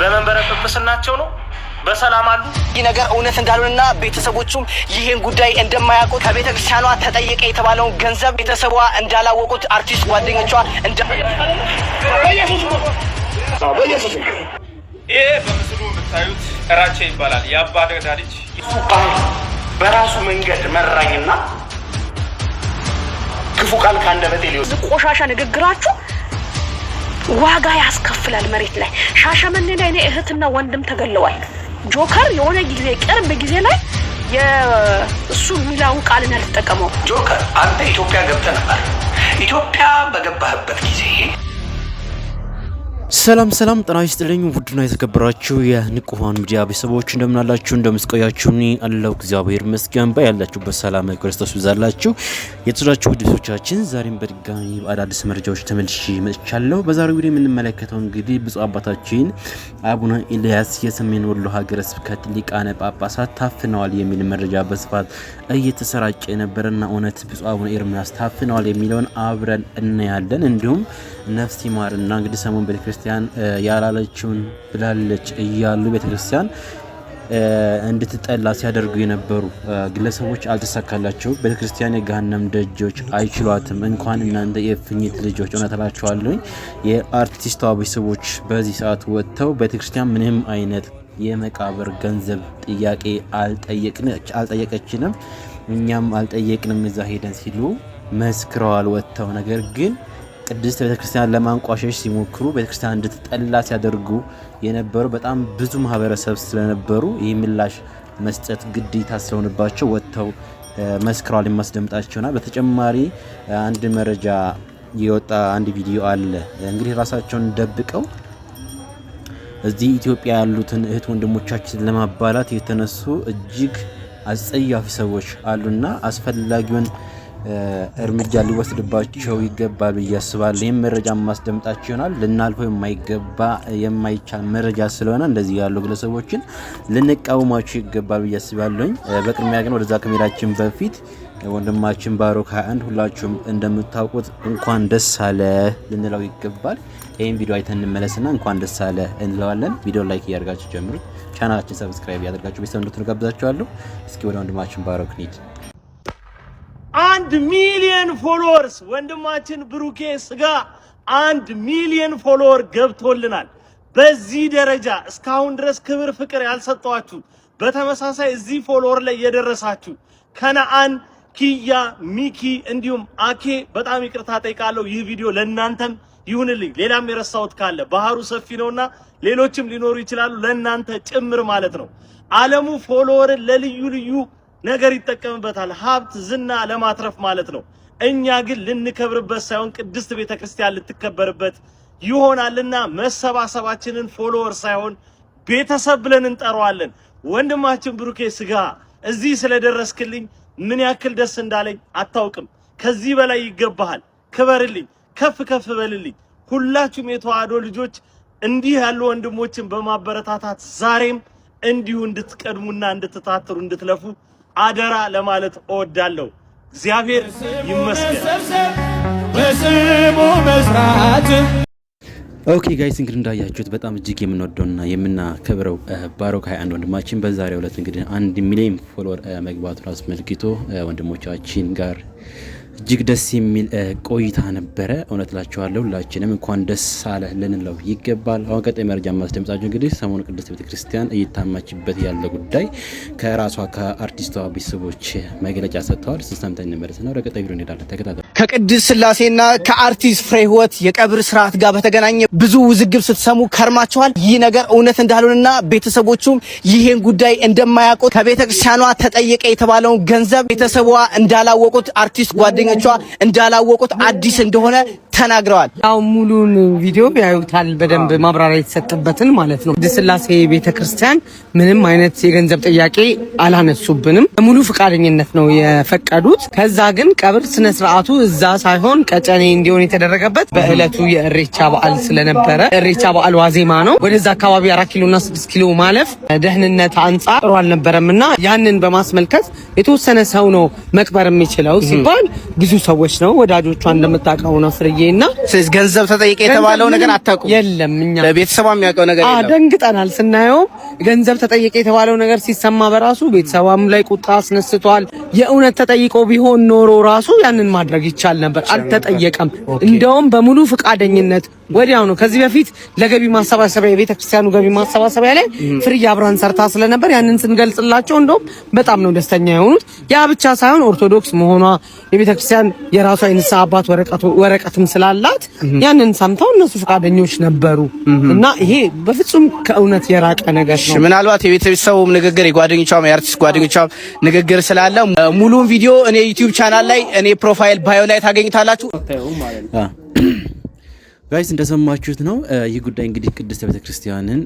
በመንበረ ጵጵስናቸው ነው በሰላም አሉ። ይህ ነገር እውነት እንዳልሆነና ቤተሰቦቹም ይህን ጉዳይ እንደማያውቁት ከቤተ ክርስቲያኗ ተጠየቀ የተባለውን ገንዘብ ቤተሰቧ እንዳላወቁት አርቲስት ጓደኞቿ እንደ ይህ በምስሉ የምታዩት ራቼ ይባላል። የአባ ደዳ ልጅ በራሱ መንገድ መራኝና ክፉ ቃል ከአንደበቴ ሊወ ቆሻሻ ንግግራችሁ ዋጋ ያስከፍላል። መሬት ላይ ሻሸመኔ ላይ እኔ እህትና ወንድም ተገለዋል። ጆከር የሆነ ጊዜ ቅርብ ጊዜ ላይ የእሱ የሚለውን ቃልን ያልተጠቀመው ጆከር አንተ ኢትዮጵያ ገብተህ ነበር። ኢትዮጵያ በገባህበት ጊዜ ሰላም ሰላም ጤና ይስጥልኝ ውድና የተከበራችሁ የንቁሃን ሚዲያ ቤተሰቦች እንደምናላችሁ እንደምስቆያችሁ እኔ አለሁ እግዚአብሔር ይመስገን። ያላችሁበት ሰላም ክርስቶስ ይብዛላችሁ። የተወደዳችሁ ውድ ቤተሰቦቻችን ዛሬም በድጋሚ በአዳዲስ መረጃዎች ተመልሼ መጥቻለሁ። በዛሬው ቪዲዮ የምንመለከተው እንግዲህ ብፁዕ አባታችን አቡነ ኤልያስ የሰሜን ወሎ ሀገረ ስብከት ሊቃነ ጳጳሳት ታፍነዋል የሚል መረጃ በስፋት እየተሰራጨ የነበረና እውነት ብፁዕ አቡነ ኤርሚያስ ታፍነዋል የሚለውን አብረን እናያለን እንዲሁም ነፍስ እና እንግዲህ ሰሞን ቤተክርስቲያን ያላለችውን ብላለች እያሉ ቤተክርስቲያን እንድትጠላ ሲያደርጉ የነበሩ ግለሰቦች አልተሳካላቸው። ቤተክርስቲያን የገሃነም ደጆች አይችሏትም። እንኳን እናንተ የፍኝት ልጆች እውነት እላችኋለሁ። የአርቲስቷ ቤተሰቦች በዚህ ሰዓት ወጥተው ቤተክርስቲያን ምንም አይነት የመቃብር ገንዘብ ጥያቄ አልጠየቀችንም፣ እኛም አልጠየቅንም እዛ ሄደን ሲሉ መስክረዋል ወጥተው ነገር ግን ቅድስት ቤተክርስቲያን ለማንቋሸሽ ሲሞክሩ ቤተክርስቲያን እንድትጠላ ሲያደርጉ የነበሩ በጣም ብዙ ማህበረሰብ ስለነበሩ ይህ ምላሽ መስጠት ግዴታ ስለሆነባቸው ወጥተው መስክሯል የማስደምጣቸውና በተጨማሪ አንድ መረጃ የወጣ አንድ ቪዲዮ አለ። እንግዲህ ራሳቸውን ደብቀው እዚህ ኢትዮጵያ ያሉትን እህት ወንድሞቻችን ለማባላት የተነሱ እጅግ አጸያፊ ሰዎች አሉና አስፈላጊውን እርምጃ ሊወስድባቸው ይገባል ብዬ አስባለሁ። ይህም መረጃ ማስደምጣቸው ይሆናል። ልናልፈው የማይገባ የማይቻል መረጃ ስለሆነ እንደዚህ ያሉ ግለሰቦችን ልንቃወማቸው ይገባል ብዬ አስባለሁኝ። በቅድሚያ ግን ወደዛ ከመሄዳችን በፊት ወንድማችን ባሮክ 21 ሁላችሁም እንደምታውቁት እንኳን ደስ አለ ልንለው ይገባል። ይህም ቪዲዮ አይተን እንመለስና እንኳን ደስ አለ እንለዋለን። ቪዲዮ ላይክ እያደርጋችሁ ጀምሩት። ቻናላችን ሰብስክራይብ እያደርጋችሁ ቤተሰብ እንድትሆኑ ጋብዛችኋለሁ። እስኪ ወደ ወንድማችን ባሮክ ኒድ አንድ ሚሊየን ፎሎወርስ ወንድማችን ብሩኬ ስጋ አንድ ሚሊየን ፎሎወር ገብቶልናል። በዚህ ደረጃ እስካሁን ድረስ ክብር ፍቅር ያልሰጠዋችሁ በተመሳሳይ እዚህ ፎሎወር ላይ የደረሳችሁ ከነአን፣ ኪያ፣ ሚኪ እንዲሁም አኬ በጣም ይቅርታ ጠይቃለሁ። ይህ ቪዲዮ ለእናንተም ይሁንልኝ። ሌላም የረሳሁት ካለ ባህሩ ሰፊ ነውና ሌሎችም ሊኖሩ ይችላሉ፣ ለእናንተ ጭምር ማለት ነው። አለሙ ፎሎወርን ለልዩ ልዩ ነገር ይጠቀምበታል። ሀብት ዝና ለማትረፍ ማለት ነው። እኛ ግን ልንከብርበት ሳይሆን ቅድስት ቤተ ክርስቲያን ልትከበርበት ይሆናልና መሰባሰባችንን ፎሎወር ሳይሆን ቤተሰብ ብለን እንጠራዋለን። ወንድማችን ብሩኬ ስጋ እዚህ ስለደረስክልኝ ምን ያክል ደስ እንዳለኝ አታውቅም። ከዚህ በላይ ይገባሃል። ክበርልኝ፣ ከፍ ከፍ በልልኝ። ሁላችሁም የተዋህዶ ልጆች እንዲህ ያሉ ወንድሞችን በማበረታታት ዛሬም እንዲሁ እንድትቀድሙና እንድትታትሩ እንድትለፉ አደራ ለማለት እወዳለሁ። እግዚአብሔር ይመስገን። ኦኬ ጋይስ እንግዲህ እንዳያችሁት በጣም እጅግ የምንወደውና የምናከብረው ባሮክ 21 ወንድማችን በዛሬው ዕለት እንግዲህ አንድ ሚሊዮን ፎሎወር መግባቱን አስመልክቶ ወንድሞቻችን ጋር እጅግ ደስ የሚል ቆይታ ነበረ። እውነት ላችኋለሁ ሁላችንም እንኳን ደስ አለ ልንለው ይገባል። አሁን ቀጣይ መረጃ ማስደምጻችሁ እንግዲህ ሰሞኑ ቅድስት ቤተክርስቲያን እየታማችበት ያለ ጉዳይ ከራሷ ከአርቲስቷ ቤተሰቦች መግለጫ ሰጥተዋል። ስንሰምተን እንመለስና ወደ ቀጣይ ቪዲዮ እንሄዳለን። ተከታተሉ። ከቅድስ ስላሴና ከአርቲስት ፍሬ ህይወት የቀብር ስርዓት ጋር በተገናኘ ብዙ ውዝግብ ስትሰሙ ከርማችኋል። ይህ ነገር እውነት እንዳልሆነና ቤተሰቦቹም ይህን ጉዳይ እንደማያውቁት ከቤተክርስቲያኗ ተጠየቀ የተባለውን ገንዘብ ቤተሰቧ እንዳላወቁት፣ አርቲስት ጓደኞቿ እንዳላወቁት አዲስ እንደሆነ ተናግረዋል። ያው ሙሉን ቪዲዮ ያዩታል፣ በደንብ ማብራሪያ የተሰጠበትን ማለት ነው። ቅድስት ስላሴ ቤተክርስቲያን ምንም አይነት የገንዘብ ጥያቄ አላነሱብንም። ሙሉ ፈቃደኝነት ነው የፈቀዱት። ከዛ ግን ቀብር ስነስርዓቱ እዛ ሳይሆን ቀጨኔ እንዲሆን የተደረገበት በእለቱ የእሬቻ በዓል ስለነበረ እሬቻ በዓል ዋዜማ ነው። ወደዛ አካባቢ አራት ኪሎና ስድስት ኪሎ ማለፍ ደህንነት አንጻር ጥሩ አልነበረም እና ያንን በማስመልከት የተወሰነ ሰው ነው መቅበር የሚችለው ሲባል ብዙ ሰዎች ነው ወዳጆቿ እንደምታውቀው ነው ፍርዬ እና ገንዘብ ተጠይቀ የተባለው ነገር አታውቁም? የለም እኛ ቤተሰቧ የሚያውቀው ነገር የለም። ደንግጠናል ስናየው ገንዘብ ተጠይቀ የተባለው ነገር ሲሰማ በራሱ ቤተሰቧም ላይ ቁጣ አስነስቷል። የእውነት ተጠይቆ ቢሆን ኖሮ ራሱ ያንን ማድረግ ይችላል። ይቻል ነበር፣ አልተጠየቀም። እንደውም በሙሉ ፈቃደኝነት ወዲያው ነው። ከዚህ በፊት ለገቢ ማሰባሰቢያ የቤተ ክርስቲያኑ ገቢ ማሰባሰቢያ ላይ ፍርያ አብራን ሰርታ ስለነበር ያንን ስንገልጽላቸው እንደውም በጣም ነው ደስተኛ የሆኑት። ያ ብቻ ሳይሆን ኦርቶዶክስ መሆኗ የቤተ ክርስቲያን የራሷ የንስሐ አባት ወረቀትም ስላላት ያንን ሰምተው እነሱ ፈቃደኞች ነበሩ እና ይሄ በፍጹም ከእውነት የራቀ ነገር ነው። ምናልባት የቤተሰቡም ንግግር የጓደኞቿም የአርቲስት ጓደኞቿም ንግግር ስላለ ሙሉን ቪዲዮ እኔ ዩቲዩብ ቻናል ላይ እኔ ፕሮፋይል ባዮ ላይ ታገኙታላችሁ። ጋይስ እንደሰማችሁት ነው። ይህ ጉዳይ እንግዲህ ቅድስት ቤተክርስቲያንን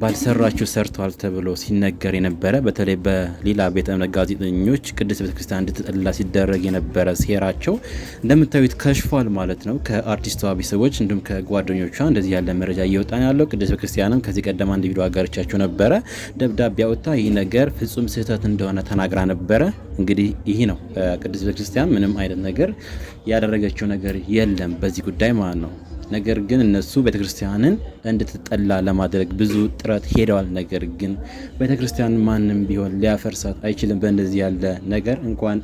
ባልሰራችሁ ሰርቷል ተብሎ ሲነገር የነበረ በተለይ በሌላ ቤተ እምነት ጋዜጠኞች ቅድስት ቤተክርስቲያን እንድትጠላ ሲደረግ የነበረ ሴራቸው እንደምታዩት ከሽፏል ማለት ነው። ከአርቲስቷ ቤተሰቦች እንዲሁም ከጓደኞቿ እንደዚህ ያለ መረጃ እየወጣ ያለው። ቅድስት ቤተክርስቲያንም ከዚህ ቀደም አንድ ቪዲዮ አጋርቻችሁ ነበረ። ደብዳቤ አውጥታ ይህ ነገር ፍጹም ስህተት እንደሆነ ተናግራ ነበረ። እንግዲህ ይህ ነው ቅድስት ቤተክርስቲያን ምንም አይነት ነገር ያደረገችው ነገር የለም በዚህ ጉዳይ ማለት ነው። ነገር ግን እነሱ ቤተክርስቲያንን እንድትጠላ ለማድረግ ብዙ ጥረት ሄደዋል። ነገር ግን ቤተክርስቲያን ማንም ቢሆን ሊያፈርሳት አይችልም። በእንደዚህ ያለ ነገር እንኳን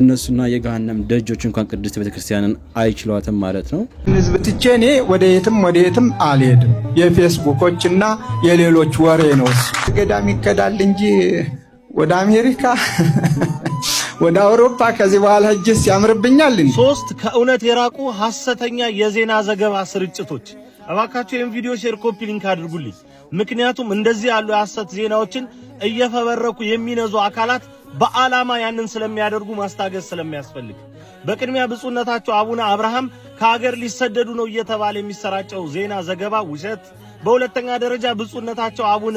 እነሱና የገሃነም ደጆች እንኳን ቅድስት ቤተክርስቲያንን አይችሏትም ማለት ነው። ህዝብ ትቼ እኔ ወደ የትም ወደ የትም አልሄድም። የፌስቡኮች እና የሌሎች ወሬ ነው። ገዳም ይከዳል እንጂ ወደ አሜሪካ ወደ አውሮፓ ከዚህ በኋላ ሂጅስ ያምርብኛል። ሶስት ከእውነት የራቁ ሐሰተኛ የዜና ዘገባ ስርጭቶች እባካቸው ይህን ቪዲዮ ሼር፣ ኮፒ ሊንክ አድርጉልኝ። ምክንያቱም እንደዚህ ያሉ የሐሰት ዜናዎችን እየፈበረኩ የሚነዙ አካላት በዓላማ ያንን ስለሚያደርጉ ማስታገዝ ስለሚያስፈልግ በቅድሚያ ብፁዕነታቸው አቡነ አብርሃም ከሀገር ሊሰደዱ ነው እየተባለ የሚሰራጨው ዜና ዘገባ ውሸት። በሁለተኛ ደረጃ ብፁዕነታቸው አቡነ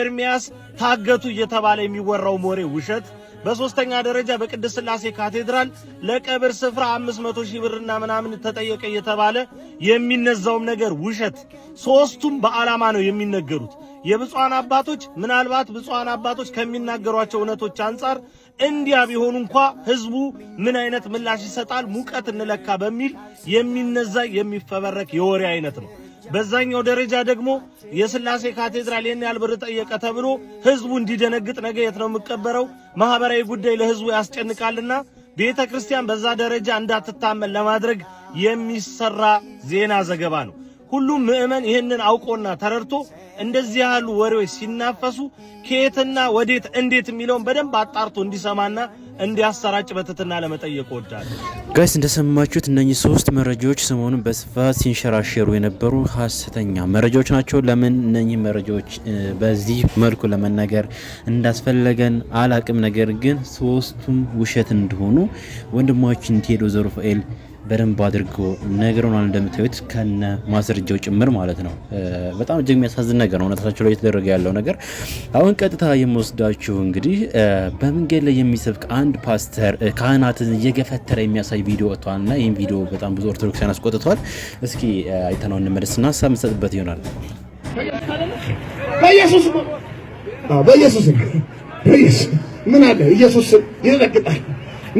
ኤርሚያስ ታገቱ እየተባለ የሚወራው ወሬ ውሸት። በሶስተኛ ደረጃ በቅድስት ስላሴ ካቴድራል ለቀብር ስፍራ 500 ሺህ ብርና ምናምን ተጠየቀ እየተባለ የሚነዛውም ነገር ውሸት። ሶስቱም በዓላማ ነው የሚነገሩት። የብፁዓን አባቶች ምናልባት ብፁዓን አባቶች ከሚናገሯቸው እውነቶች አንጻር እንዲያ ቢሆኑ እንኳ ህዝቡ ምን አይነት ምላሽ ይሰጣል፣ ሙቀት እንለካ በሚል የሚነዛ የሚፈበረክ የወሬ አይነት ነው። በዛኛው ደረጃ ደግሞ የስላሴ ካቴድራል ይህን ያህል ብር ጠየቀ ተብሎ ህዝቡ እንዲደነግጥ ነገ የት ነው የምቀበረው? ማህበራዊ ጉዳይ ለህዝቡ ያስጨንቃልና ቤተ ክርስቲያን በዛ ደረጃ እንዳትታመን ለማድረግ የሚሰራ ዜና ዘገባ ነው። ሁሉም ምዕመን ይህንን አውቆና ተረድቶ እንደዚህ ያሉ ወሬዎች ሲናፈሱ ከየትና ወዴት እንዴት የሚለውን በደንብ አጣርቶ እንዲሰማና እንዲያሰራጭ በትትና ለመጠየቅ እወዳለሁ። ጋይስ እንደሰማችሁት እነኚህ ሶስት መረጃዎች ሰሞኑን በስፋት ሲንሸራሸሩ የነበሩ ሀሰተኛ መረጃዎች ናቸው። ለምን እነኚህ መረጃዎች በዚህ መልኩ ለመናገር እንዳስፈለገን አላቅም። ነገር ግን ሶስቱም ውሸት እንደሆኑ ወንድማችን ቴዶ ዘሩፋኤል በደንብ አድርጎ ነግሮናል። እንደምታዩት ከነ ማስረጃው ጭምር ማለት ነው። በጣም እጅግ የሚያሳዝን ነገር ነው እውነታቸው ላይ እየተደረገ ያለው ነገር። አሁን ቀጥታ የምወስዳችሁ እንግዲህ በመንገድ ላይ የሚሰብክ አንድ ፓስተር ካህናትን እየገፈተረ የሚያሳይ ቪዲዮ ወጥቷል እና ይህም ቪዲዮ በጣም ብዙ ኦርቶዶክሳን አስቆጥቷል። እስኪ አይተነው እንመለስና ሀሳብ እንሰጥበት ይሆናል። በኢየሱስ በኢየሱስ ምን አለ ኢየሱስ ይረግጣል።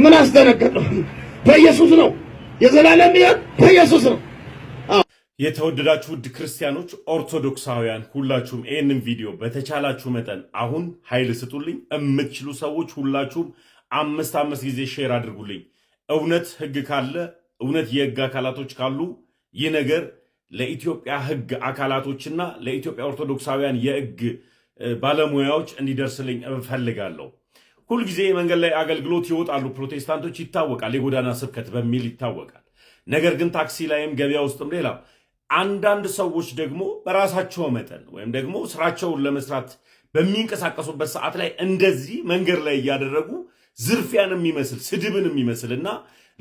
ምን አስደነገጠው? በኢየሱስ ነው የዘላለም ሕይወት በኢየሱስ ነው። የተወደዳችሁ ውድ ክርስቲያኖች ኦርቶዶክሳውያን ሁላችሁም ይህንን ቪዲዮ በተቻላችሁ መጠን አሁን ኃይል ስጡልኝ የምትችሉ ሰዎች ሁላችሁም አምስት አምስት ጊዜ ሼር አድርጉልኝ። እውነት ህግ ካለ እውነት የህግ አካላቶች ካሉ ይህ ነገር ለኢትዮጵያ ህግ አካላቶችና ለኢትዮጵያ ኦርቶዶክሳውያን የህግ ባለሙያዎች እንዲደርስልኝ እፈልጋለሁ። ሁልጊዜ መንገድ ላይ አገልግሎት ይወጣሉ ፕሮቴስታንቶች፣ ይታወቃል። የጎዳና ስብከት በሚል ይታወቃል። ነገር ግን ታክሲ ላይም ገበያ ውስጥም ሌላ አንዳንድ ሰዎች ደግሞ በራሳቸው መጠን ወይም ደግሞ ስራቸውን ለመስራት በሚንቀሳቀሱበት ሰዓት ላይ እንደዚህ መንገድ ላይ እያደረጉ ዝርፊያን የሚመስል ስድብን የሚመስል እና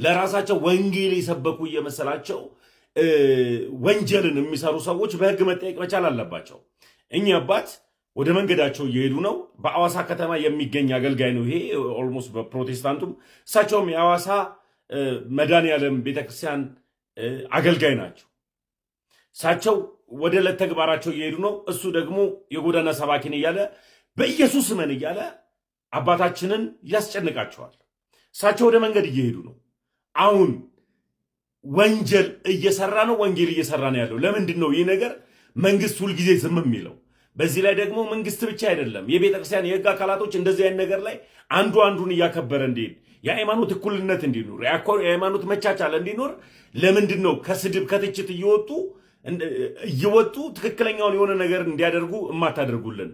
ለራሳቸው ወንጌል የሰበኩ እየመሰላቸው ወንጀልን የሚሰሩ ሰዎች በህግ መጠየቅ መቻል አለባቸው። እኚህ አባት ወደ መንገዳቸው እየሄዱ ነው። በአዋሳ ከተማ የሚገኝ አገልጋይ ነው ይሄ ኦልሞስት በፕሮቴስታንቱም እሳቸውም የአዋሳ መድኃኔዓለም ቤተክርስቲያን አገልጋይ ናቸው። እሳቸው ወደ ዕለት ተግባራቸው እየሄዱ ነው። እሱ ደግሞ የጎዳና ሰባኪን እያለ በኢየሱስ እመን እያለ አባታችንን ያስጨንቃቸዋል። እሳቸው ወደ መንገድ እየሄዱ ነው። አሁን ወንጀል እየሰራ ነው፣ ወንጌል እየሰራ ነው ያለው። ለምንድን ነው ይህ ነገር መንግስት ሁልጊዜ ዝም የሚለው? በዚህ ላይ ደግሞ መንግስት ብቻ አይደለም የቤተ ክርስቲያን የህግ አካላቶች እንደዚህ አይነት ነገር ላይ አንዱ አንዱን እያከበረ እንዲሄድ የሃይማኖት እኩልነት እንዲኖር የሃይማኖት መቻቻል እንዲኖር ለምንድን ነው ከስድብ ከትችት እየወጡ እየወጡ ትክክለኛውን የሆነ ነገር እንዲያደርጉ እማታደርጉልን?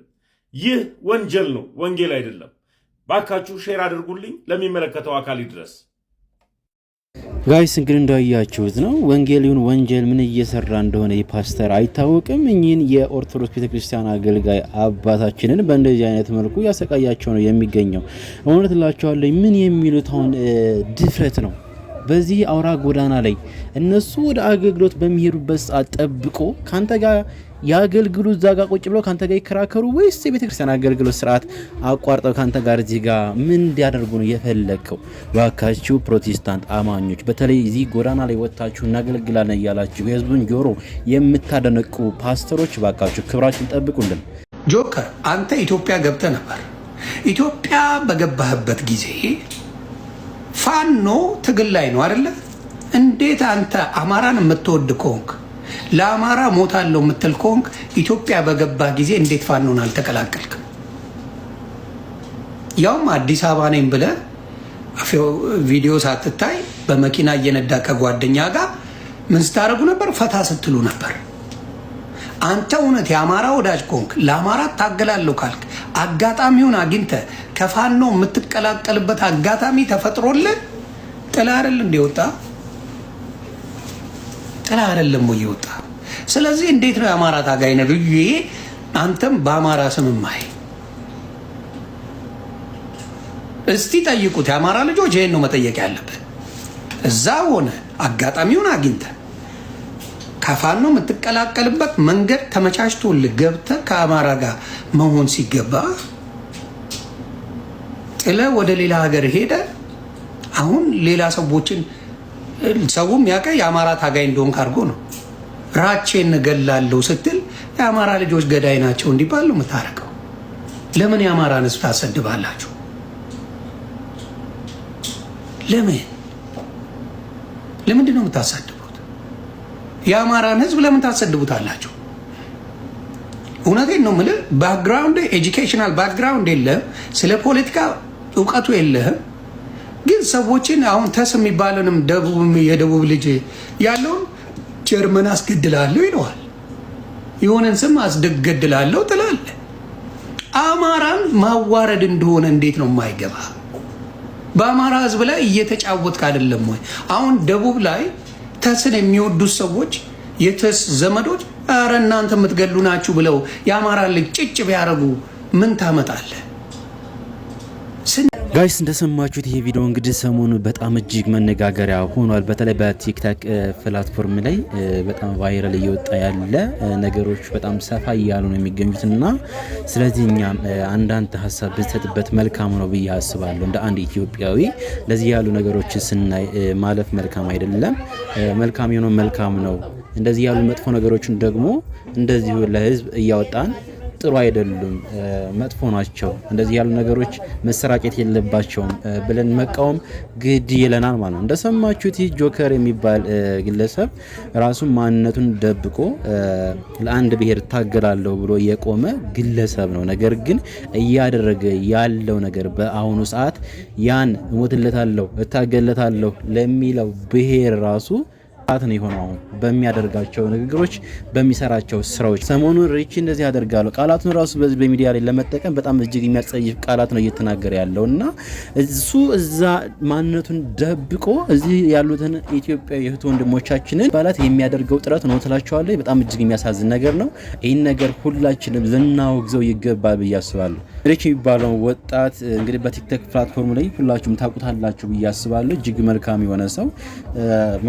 ይህ ወንጀል ነው፣ ወንጌል አይደለም። ባካችሁ ሼር አድርጉልኝ፣ ለሚመለከተው አካል ይድረስ። ጋይስ እንግዲህ እንዳያችሁት ነው ወንጌሉን ወንጀል ምን እየሰራ እንደሆነ የፓስተር ፓስተር አይታወቅም። እኚህን የኦርቶዶክስ ቤተክርስቲያን አገልጋይ አባታችንን በእንደዚህ አይነት መልኩ እያሰቃያቸው ነው የሚገኘው። እውነት እላቸዋለሁ ምን የሚሉት አሁን ድፍረት ነው። በዚህ አውራ ጎዳና ላይ እነሱ ወደ አገልግሎት በሚሄዱበት ሰዓት ጠብቆ ከአንተ ጋር የአገልግሎት እዛ ጋር ቁጭ ብለው ከአንተ ጋር ይከራከሩ ወይስ የቤተክርስቲያን አገልግሎት ስርዓት አቋርጠው ካንተ ጋር እዚህ ጋር ምን እንዲያደርጉ ነው የፈለግከው? ባካችሁ ፕሮቴስታንት አማኞች፣ በተለይ እዚህ ጎዳና ላይ ወጥታችሁ እናገለግላለን እያላችሁ የህዝቡን ጆሮ የምታደነቁ ፓስተሮች ባካችሁ ክብራችሁን ጠብቁልን። ጆከር አንተ ኢትዮጵያ ገብተ ነበር። ኢትዮጵያ በገባህበት ጊዜ ፋኖ ትግል ላይ ነው አደለ? እንዴት አንተ አማራን የምትወድ ከሆንክ ለአማራ ሞታለው የምትል ከሆንክ ኢትዮጵያ በገባ ጊዜ እንዴት ፋኖን አልተቀላቀልክም? ያውም አዲስ አበባ ነኝ ብለ ቪዲዮ ሳትታይ በመኪና እየነዳ ከጓደኛ ጋር ምን ስታደርጉ ነበር? ፈታ ስትሉ ነበር። አንተ እውነት የአማራ ወዳጅ ከሆንክ ለአማራ ታገላለሁ ካልክ አጋጣሚውን አግኝተ ከፋኖ የምትቀላቀልበት አጋጣሚ ተፈጥሮልን ጥላ አይደል እንዲወጣ ጥላ አይደለም ወይ የወጣ? ስለዚህ እንዴት ነው የአማራ ታጋይ ነው ብዬ አንተም በአማራ ስም ማይ እስቲ ጠይቁት። የአማራ ልጆች ይሄን ነው መጠየቅ ያለብህ። እዛ ሆነ አጋጣሚውን አግኝተ ከፋኖ ነው የምትቀላቀልበት መንገድ ተመቻችቶልህ ገብተ ከአማራ ጋር መሆን ሲገባ ጥለ ወደ ሌላ ሀገር ሄደ። አሁን ሌላ ሰዎችን ሰውም ያቀ የአማራ ታጋይ እንደሆን ካርጎ ነው። ራቼ እንገላለሁ ስትል የአማራ ልጆች ገዳይ ናቸው እንዲባሉ ነው የምታረቀው። ለምን የአማራን ህዝብ ታሰድባላችሁ? ለምን ለምንድን ነው የምታሳድቡት? የአማራን ህዝብ ለምን ታሰድቡታላችሁ? እውነቴን ነው የምልህ። ባክግራውንድ ኤጁኬሽናል ባክግራውንድ የለህም፣ ስለ ፖለቲካ እውቀቱ የለህም ግን ሰዎችን አሁን ተስ የሚባለንም ደቡብ የደቡብ ልጅ ያለውን ጀርመን አስገድላለሁ ይለዋል። የሆነን ስም አስገድላለሁ ትላለ። አማራን ማዋረድ እንደሆነ እንዴት ነው የማይገባ? በአማራ ህዝብ ላይ እየተጫወትክ አይደለም ወይ? አሁን ደቡብ ላይ ተስን የሚወዱት ሰዎች የተስ ዘመዶች፣ ረ እናንተ የምትገሉ ናችሁ ብለው የአማራ ልጅ ጭጭ ቢያደርጉ ምን ታመጣለህ? ጋይስ እንደሰማችሁት ይሄ ቪዲዮ እንግዲህ ሰሞኑ በጣም እጅግ መነጋገሪያ ሆኗል። በተለይ በቲክታክ ፕላትፎርም ላይ በጣም ቫይራል እየወጣ ያለ ነገሮች በጣም ሰፋ እያሉ ነው የሚገኙት እና ስለዚህ እኛም አንዳንድ ሀሳብ ብንሰጥበት መልካም ነው ብዬ አስባለሁ። እንደ አንድ ኢትዮጵያዊ እንደዚህ ያሉ ነገሮችን ስናይ ማለፍ መልካም አይደለም። መልካም የሆነው መልካም ነው። እንደዚህ ያሉ መጥፎ ነገሮችን ደግሞ እንደዚሁ ለህዝብ እያወጣን ጥሩ አይደሉም፣ መጥፎ ናቸው፣ እንደዚህ ያሉ ነገሮች መሰራጨት የለባቸውም ብለን መቃወም ግድ ይለናል ማለት ነው። እንደሰማችሁት ይህ ጆከር የሚባል ግለሰብ ራሱን ማንነቱን ደብቆ ለአንድ ብሔር ታገላለሁ ብሎ የቆመ ግለሰብ ነው። ነገር ግን እያደረገ ያለው ነገር በአሁኑ ሰዓት ያን እሞትለታለሁ እታገለታለሁ ለሚለው ብሔር ራሱ እንቅፋት ነው የሆነው። አሁን በሚያደርጋቸው ንግግሮች፣ በሚሰራቸው ስራዎች ሰሞኑን ሪቺ እንደዚህ ያደርጋሉ። ቃላቱን ራሱ በዚህ በሚዲያ ላይ ለመጠቀም በጣም እጅግ የሚያጸይፍ ቃላት ነው እየተናገረ ያለው እና እሱ እዛ ማንነቱን ደብቆ እዚህ ያሉትን ኢትዮጵያ የእህት ወንድሞቻችንን ባላት የሚያደርገው ጥረት ነው ትላቸዋለ። በጣም እጅግ የሚያሳዝን ነገር ነው። ይህን ነገር ሁላችንም ልናወግዘው ይገባል ብዬ አስባለሁ። ብሬክ የሚባለው ወጣት እንግዲህ በቲክቶክ ፕላትፎርም ላይ ሁላችሁም ታውቁታላችሁ ብዬ አስባለሁ። እጅግ መልካም የሆነ ሰው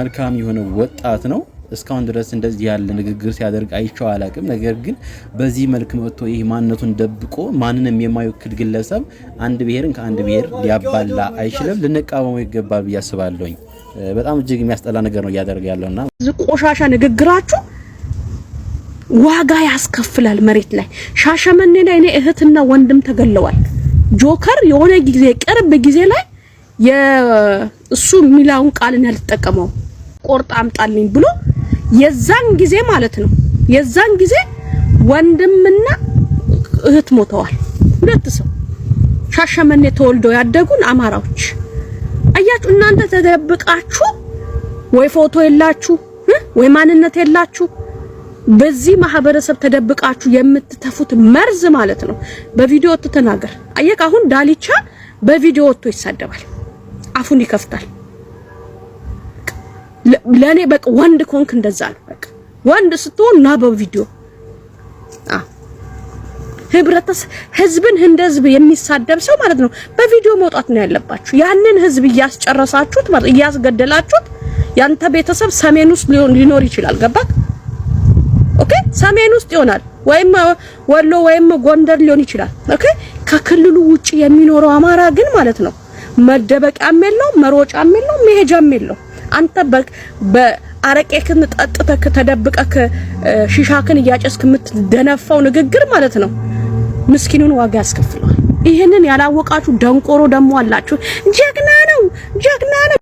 መልካም የሆነ ወጣት ነው። እስካሁን ድረስ እንደዚህ ያለ ንግግር ሲያደርግ አይቼው አላቅም። ነገር ግን በዚህ መልክ መጥቶ ይህ ማንነቱን ደብቆ ማንንም የማይወክል ግለሰብ አንድ ብሔርን ከአንድ ብሔር ሊያባላ አይችልም። ልንቃወመው ይገባል ብዬ አስባለሁኝ። በጣም እጅግ የሚያስጠላ ነገር ነው እያደረገ ያለውና ቆሻሻ ንግግራችሁ ዋጋ ያስከፍላል። መሬት ላይ ሻሸመኔ ላይ እኔ እህትና ወንድም ተገለዋል። ጆከር የሆነ ጊዜ ቅርብ ጊዜ ላይ የእሱ ሚላውን ቃልን ያልተጠቀመው ቆርጣ አምጣልኝ ብሎ የዛን ጊዜ ማለት ነው የዛን ጊዜ ወንድምና እህት ሞተዋል። ሁለት ሰው ሻሸመኔ ተወልደው ያደጉን አማራዎች አያችሁ። እናንተ ተደብቃችሁ ወይ ፎቶ የላችሁ ወይ ማንነት የላችሁ በዚህ ማህበረሰብ ተደብቃችሁ የምትተፉት መርዝ ማለት ነው። በቪዲዮ ወጥቶ ተናገር። አየቅ አሁን ዳሊቻ በቪዲዮ ወጥቶ ይሳደባል፣ አፉን ይከፍታል። ለኔ በቃ ወንድ ኮንክ እንደዛ ነው። በቃ ወንድ ስትሆን ና በቪዲዮ ህብረተሰብ ህዝብን እንደ ህዝብ የሚሳደብ ሰው ማለት ነው በቪዲዮ መውጣት ነው ያለባችሁ። ያንን ህዝብ እያስጨረሳችሁት ማለት እያስገደላችሁት። ያንተ ቤተሰብ ሰሜን ውስጥ ሊኖር ይችላል። ገባክ? ኦኬ፣ ሰሜን ውስጥ ይሆናል ወይም ወሎ ወይም ጎንደር ሊሆን ይችላል። ኦኬ፣ ከክልሉ ውጪ የሚኖረው አማራ ግን ማለት ነው መደበቂያም የለውም፣ መሮጫም የለውም፣ መሄጃም የለውም። አንተ በአረቄክን ጠጥተክ ተደብቀክ ሽሻክን እያጨስክ የምትደነፋው ንግግር ማለት ነው ምስኪኑን ዋጋ ያስከፍለዋል። ይህንን ያላወቃችሁ ደንቆሮ ደግሞ አላችሁ። ጀግና ነው ጀግና ነው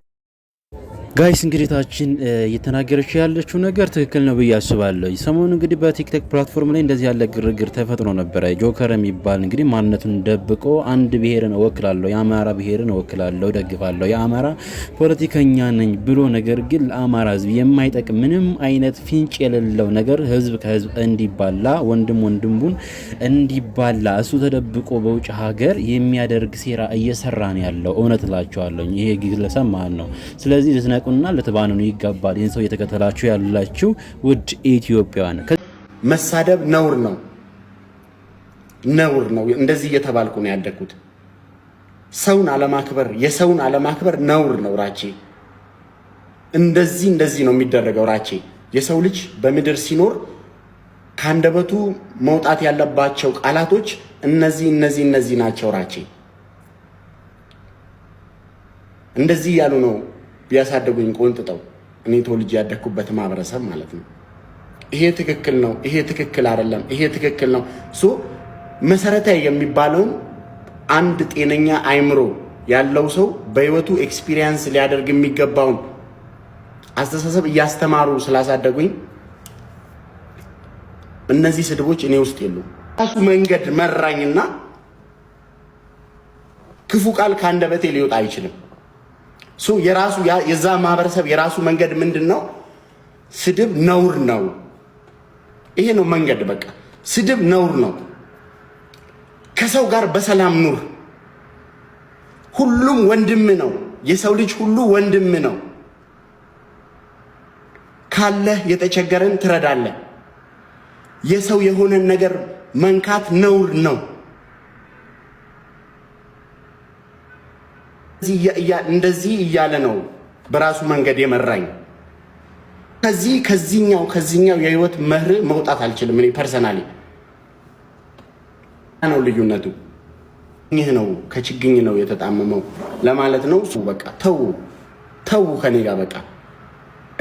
ጋይስ እንግዲህ ታችን እየተናገረች ያለችው ነገር ትክክል ነው ብዬ አስባለሁ። ሰሞኑ እንግዲህ በቲክቶክ ፕላትፎርም ላይ እንደዚህ ያለ ግርግር ተፈጥሮ ነበረ። ጆከር የሚባል እንግዲህ ማንነቱን ደብቆ አንድ ብሔርን እወክላለሁ፣ የአማራ ብሔርን እወክላለሁ፣ ደግፋለሁ፣ የአማራ ፖለቲከኛ ነኝ ብሎ ነገር ግን ለአማራ ሕዝብ የማይጠቅም ምንም አይነት ፊንጭ የሌለው ነገር ሕዝብ ከሕዝብ እንዲባላ ወንድም ወንድሙን እንዲባላ እሱ ተደብቆ በውጭ ሀገር የሚያደርግ ሴራ እየሰራ ነው ያለው። እውነት እላቸዋለሁ ይሄ ግለሰብ ማለት ነው። ስለዚህ ልታቁና ልትባንኑ ይገባል። ይህን ሰው እየተከተላችሁ ያላችሁ ውድ ኢትዮጵያውያን መሳደብ ነውር ነው፣ ነውር ነው። እንደዚህ እየተባልኩ ነው ያደግኩት። ሰውን አለማክበር የሰውን አለማክበር ነውር ነው ራቼ። እንደዚህ እንደዚህ ነው የሚደረገው ራቼ። የሰው ልጅ በምድር ሲኖር ከአንደበቱ መውጣት ያለባቸው ቃላቶች እነዚህ እነዚህ እነዚህ ናቸው ራቼ። እንደዚህ ያሉ ነው ቢያሳደጉኝ ቆንጥጠው እኔ ተወልጄ ያደግኩበት ማህበረሰብ ማለት ነው። ይሄ ትክክል ነው፣ ይሄ ትክክል አይደለም፣ ይሄ ትክክል ነው። ሶ መሰረታዊ የሚባለውን አንድ ጤነኛ አይምሮ ያለው ሰው በህይወቱ ኤክስፒሪየንስ ሊያደርግ የሚገባውን አስተሳሰብ እያስተማሩ ስላሳደጉኝ እነዚህ ስድቦች እኔ ውስጥ የሉ። ራሱ መንገድ መራኝና ክፉ ቃል ከአንደበቴ ሊወጣ አይችልም። የራሱ የዛ ማህበረሰብ የራሱ መንገድ ምንድን ነው? ስድብ ነውር ነው። ይሄ ነው መንገድ። በቃ ስድብ ነውር ነው። ከሰው ጋር በሰላም ኑር። ሁሉም ወንድም ነው። የሰው ልጅ ሁሉ ወንድም ነው። ካለህ የተቸገረን ትረዳለህ። የሰው የሆነን ነገር መንካት ነውር ነው። እንደዚህ እያለ ነው በራሱ መንገድ የመራኝ። ከዚህ ከዚህኛው ከዚህኛው የህይወት መርህ መውጣት አልችልም። እኔ ፐርሰናሊ ነው ልዩነቱ ይህ ነው። ከችግኝ ነው የተጣመመው ለማለት ነው። እሱ በቃ ተው ተው ከኔ ጋር በቃ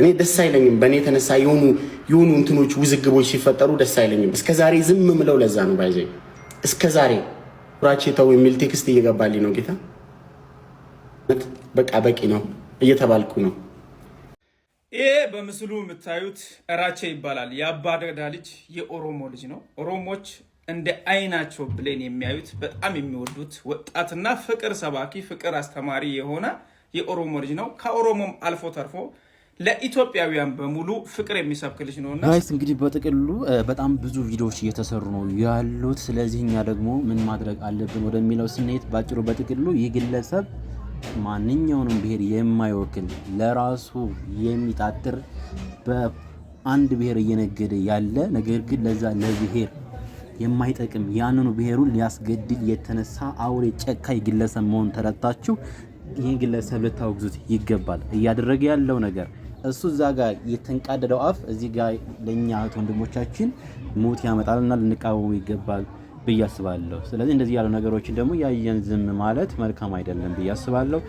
እኔ ደስ አይለኝም። በእኔ የተነሳ የሆኑ የሆኑ እንትኖች ውዝግቦች ሲፈጠሩ ደስ አይለኝም። እስከ ዛሬ ዝም ምለው ለዛ ነው ባይዘ እስከ ዛሬ ራቼ ተው የሚል ቴክስት እየገባልኝ ነው ጌታ በቃ በቂ ነው እየተባልኩ ነው። ይህ በምስሉ የምታዩት እራቼ ይባላል። የአባደዳ ልጅ የኦሮሞ ልጅ ነው። ኦሮሞች እንደ አይናቸው ብሌን የሚያዩት በጣም የሚወዱት ወጣትና ፍቅር ሰባኪ ፍቅር አስተማሪ የሆነ የኦሮሞ ልጅ ነው። ከኦሮሞም አልፎ ተርፎ ለኢትዮጵያውያን በሙሉ ፍቅር የሚሰብክ ልጅ ነው። ጋይስ እንግዲህ በጥቅሉ በጣም ብዙ ቪዲዮዎች እየተሰሩ ነው ያሉት። ስለዚህ እኛ ደግሞ ምን ማድረግ አለብን ወደሚለው ስንሄድ ባጭሩ በጥቅሉ ይህ ግለሰብ ማንኛውንም ብሔር የማይወክል ለራሱ የሚጣጥር በአንድ ብሔር እየነገደ ያለ ነገር ግን ለዛ ለብሔር የማይጠቅም ያንኑ ብሔሩን ሊያስገድል የተነሳ አውሬ ጨካኝ ግለሰብ መሆን ተረታችሁ ይህን ግለሰብ ልታወግዙት ይገባል። እያደረገ ያለው ነገር እሱ እዛ ጋር የተንቃደደው አፍ እዚህ ጋር ለእኛ እህት ወንድሞቻችን ሞት ያመጣልና ልንቃወሙ ይገባል። ብዬ አስባለሁ። ስለዚህ እንደዚህ ያሉ ነገሮችን ደግሞ ያየን ዝም ማለት መልካም አይደለም ብዬ አስባለሁ።